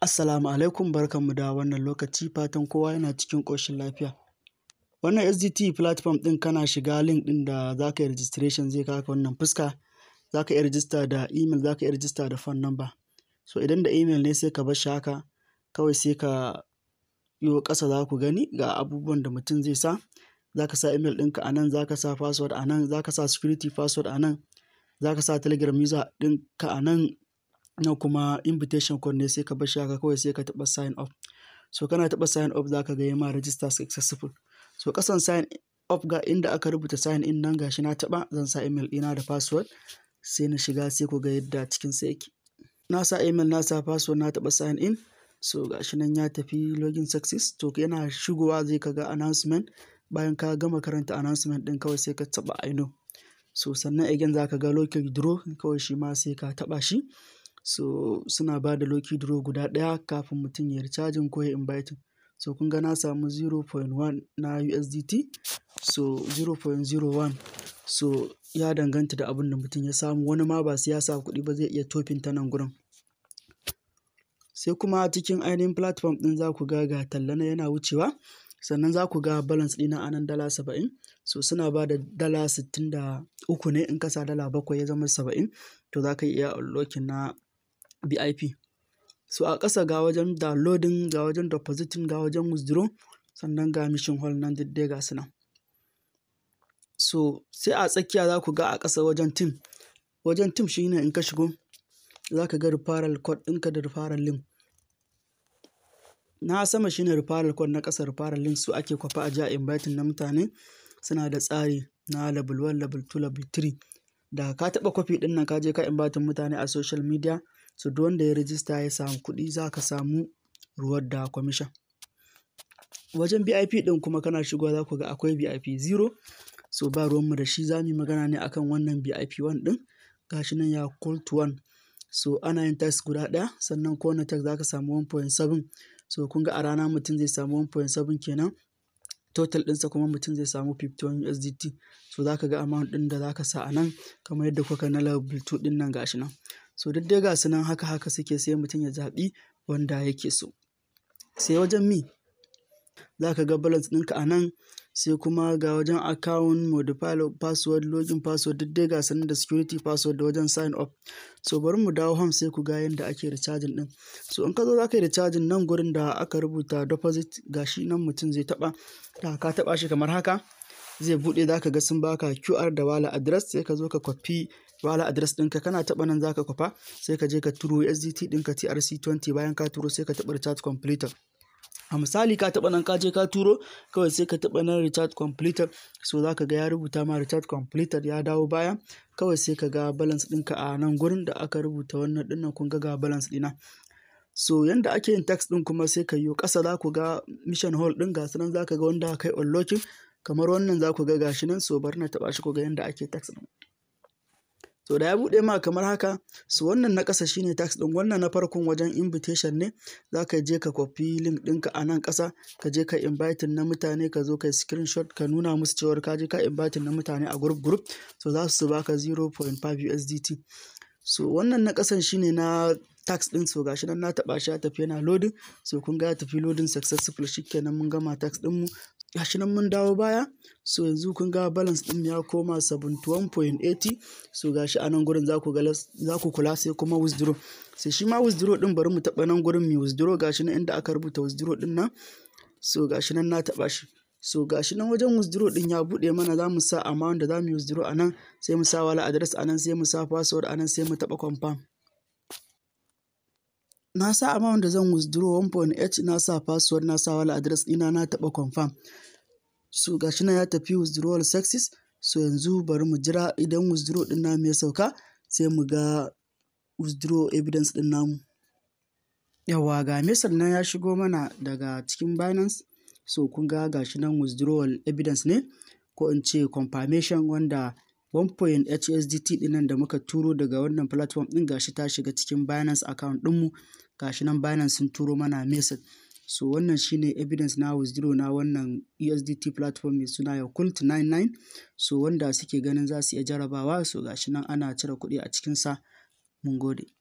Assalamu alaikum mu da wannan lokaci fatan kowa yana cikin koshin lafiya. Wannan SDT platform ɗin kana shiga link ɗin da za ka yi registration zai kaka wannan fuska. Za ka iya register da email, za ka iya register da phone number. So idan da email ne sai ka bar shi haka, kawai sai ka yi ƙasa za ku gani ga abubuwan da mutum zai sa. Za ka sa email ɗinka a nan, za ka sa password a nan, za ka sa security password a nan, za ka sa telegram user ɗinka a nan, na kuma invitation code ne sai ka bar shi haka kawai sai ka taɓa sign up. So kana taɓa sign up za ka ga ya ma register successful. So kasan sign up ga inda aka rubuta sign in nan gashi na taɓa zan sa email dina da password sai na shiga sai ku ga yadda cikin sa yake. Na sa email na sa password na taɓa sign in so gashi nan ya tafi login success to yana shigowa zai kaga announcement bayan ka gama karanta announcement ɗin kawai sai ka taɓa I know. So sannan again za ka ga local draw kawai shi ma sai ka taɓa shi. So suna ba da loki draw guda ɗaya kafin mutum ya yi recharging ko ya inviting. So kun ga na samu 0.1 na USDT, so 0.01. So ya danganta da abin da mutum ya samu. Wani ma ba sai ya sa kuɗi ba zai iya tofin ta nan gurin. Sai kuma cikin ainihin platform ɗin za ku ga ga talla na yana wucewa. Sannan za ku ga balance ɗina a nan dala saba'in. So suna ba da dala sittin da ne in kasa dala bakwai ya zama saba'in. To za ka iya unlocking na BIP. So a ƙasa ga wajen downloading, ga wajen depositing, ga wajen withdraw, sannan ga mission hall nan duk dai ga su nan. So sai a tsakiya za ku ga a ƙasa wajen team. Wajen team ne in ka shigo za ka ga referral code ka da referral link. Na sama shi ne referral code na ƙasa referral link su ake kwafa a ja inviting na mutane suna da tsari na level 1, level 2, level 3. Da ka taɓa kwafi ɗin nan ka je ka inviting mutane a social media So duk wanda ya rijista ya samu kuɗi za ka samu ruwan da commission. Wajen VIP ɗin kuma kana shigowa za ku ga akwai VIP zero. So ba ruwanmu da shi za mu yi magana ne akan wannan VIP one ɗin. Gashi nan ya cult one. So ana yin tax guda ɗaya sannan kowane tax za ka samu 1.7. So kun ga a rana mutum zai samu 1.7 kenan. Total ɗinsa kuma mutum zai samu 51 USDT. So za ka ga amount ɗin da za ka sa a nan kamar yadda kuka na level 2 ɗin nan gashi nan. so duk dai ga su nan haka haka suke sai mutum ya zaɓi wanda yake so sai wajen mi za ka ga balance ɗinka a nan sai kuma ga wajen account modify password login password duk dai ga su da security password da wajen sign up so bari mu dawo home sai ku ga yadda ake recharging ɗin so in ka zo za ka yi recharging nan gurin da aka rubuta deposit gashi nan mutum zai taɓa da ka taɓa shi kamar haka zai buɗe za ka ga sun baka QR da wala address sai ka zo ka kwafi wala adres dinka kana taba nan zaka kwafa sai ka je ka turo SDT dinka TRC20 bayan ka turo sai ka taba recharge completer a misali ka taba nan ka je ka turo kawai sai ka taba nan recharge completer so za ga ya rubuta ma recharge completer ya dawo baya kawai sai ka ga balance dinka a nan gurin da aka rubuta wannan ɗinnan kun ga ga balance dina so yanda ake yin tax ɗin kuma sai ka yi kasa za ku ga mission hall ɗin ga nan za ka ga wanda kai unlocking kamar wannan za ku ga gashi nan so bari na taɓa shi ku ga yanda ake tax ɗin so da ya buɗe ma kamar haka su wannan na ƙasa shine tax ɗin wannan na farkon wajen invitation ne za ka je ka kwafi link ɗinka a nan ƙasa ka je ka invite na mutane ka zo ka screenshot ka nuna musu cewar ka je ka invite na mutane a group group so za su baka 0.5 USDT so wannan na ƙasan shine na tax din so gashi nan na taba shi ya tafi yana loading so kun ga ya tafi loading successful shikenan mun gama tax din mu gashi nan mun dawo baya so yanzu kun ga balance din ya koma 71.80 so gashi a nan gurin za ku kula sai kuma withdraw sai shi ma withdraw din bari mu taɓa nan gurin mai withdraw gashi nan inda aka rubuta withdraw din nan so gashi nan na taɓa shi so gashi nan wajen withdraw din ya bude mana za mu sa amount da za mu withdraw a nan sai mu sa wala address a nan sai mu sa password a nan sai mu taba confirm na sa amount da zan withdraw 1.8 na sa password na sa wala address ɗina na taba confirm so gashi na ya tafi withdrawal success so yanzu bari mu jira idan withdraw ɗin na ya sauka sai mu ga withdraw evidence ɗin namu yawa ga mesar nan ya shigo mana daga cikin binance so kun ga gashi nan withdrawal evidence ne ko in ce confirmation wanda 1.hsdt ɗinnan da muka turo daga wannan platform ɗin gashi ta shiga cikin Binance account ɗinmu gashi nan Binance sun turo mana message. So wannan shine evidence na withdraw na wannan USDT e platform mai suna Yakult 99. So wanda suke ganin za su iya jarabawa so gashi nan ana cire kuɗi a cikinsa. Mun gode.